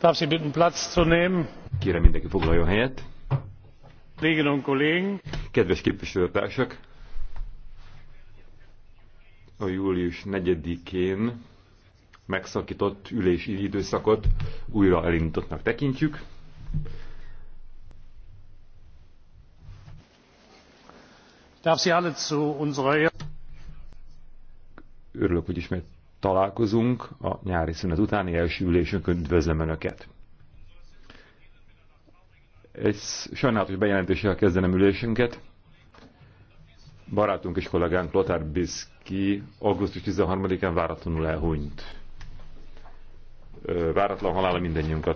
Darf Sie bitten, Platz zu nehmen? Kérem mindenki foglaljon helyet. Kedves képviselőtársak! A július 4-én megszakított ülési időszakot újra elindítottnak tekintjük. Örülök, hogy ismét találkozunk a nyári szünet utáni első ülésünkön. Üdvözlöm Önöket! Egy sajnálatos bejelentéssel kezdenem ülésünket. Barátunk és kollégánk Lothar Biszki augusztus 13-án váratlanul elhunyt. Váratlan halála mindennyiunkat